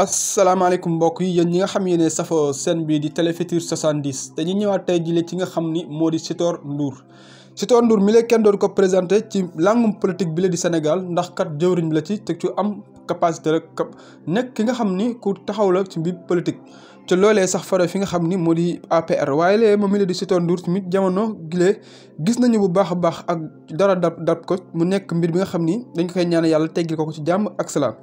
asalaamaaleykum mbokk yi yéen ñi nga xam yéene safo seen bii di Télé Futur 70 te ñu ñëwaat tey jii ci nga xam ni moo di Sitor Ndour Sitor Ndour mi la kenn doon ko présenté ci langum politique bi la di senegal ndax kat jëwriñ la ci te ci am capacité rek nekk ki nga xam ni ku taxaw la ci biir politique te loolee sax fara fi nga xam ni moo di APR waaye lee moom mi la di Sitor Ndour tamit jamono gilee gis nañu bu baax a baax ak dara dab dab ko mu nekk mbir bi nga xam ni dañ koy ñaan yàlla teggil ko ko ci jàmm ak salaam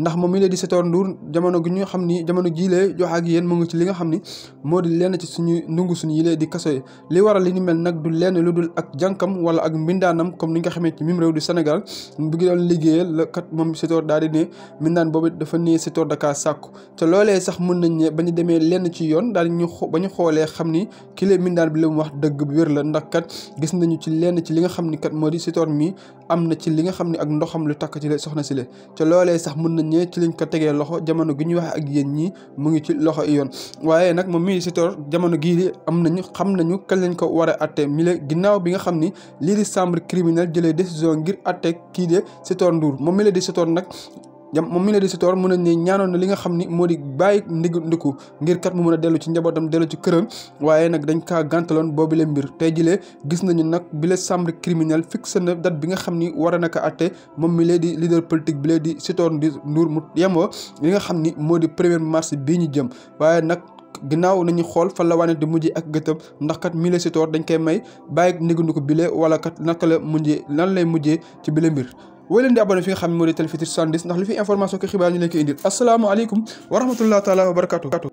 ndax moom la di Sitor Ndour jamono gi ñu xam ni jamono jilee jox ak yéen mu ngi ci li nga xam ni moo di lenn ci suñu ndungu suñu yilee di kaso yi li waral li ñu mel nag du lenn lu dul ak jànkam wala ak mbindaanam comme ni nga xamee ci mim réew du Sénégal bu gi doon liggéeyee la kat moom Sitor daal di ne mbindaan boobu dafa nee Sitor Dakar sàkku te loolee sax mën nañ ne bañu demee lenn ci yoon daal ñu ba ñu xoolee xam ni kilo lee mindaan bi la mu wax dëgg bu wér la ndax kat gis nañu ci lenn ci li nga xam ni kat moo di sitoor mi am na ci li nga xam ne ak lu takk ci la soxna si la ca loolee sax mën nañ ne ci lañ ko tegee loxo jamono gi ñuy wax ak yéen ñi mu ngi ci loxo yoon waaye nag moom mii sitoor jamono gii di am na ñu xam nañu kañ lañ ko war a atte mi la ginnaaw bi nga xam ni lii di chambre criminelle jëlee décision ngir atte kii de sitoor nduur moom mi la di sitoor nag jam moom mi la di si toor mën nañ ne ñaanoon na li nga xam ni moo di bàyyi ndig ndiku ngir kat mu mën a dellu ci njabootam dellu ci këram waaye nag dañ kaa gàntaloon boobu le mbir tey jëlee gis nañu nag bi la chambre criminelle fixé na bi nga xam ni war a naka atte moom mi lee di leader politique bi lee di Sitor Ndour mu yemoo li nga xam ni moo di premier mars bii ñu jëm waaye nag ginnaaw nañu xool fan la wane di mujj ak gëtëm ndax kat mile Sitor dañ koy may bàyyi ndigandiku bile wala kat naka la mujjee lan lay mujjee ci bile mbir wooy leen di abonné fi nga xam ne moo di Télé Futur 70 ndax li fi information ko xibaar ñu leen koy indil asalaamaaleykum wa rahmatullah taala wa barakatu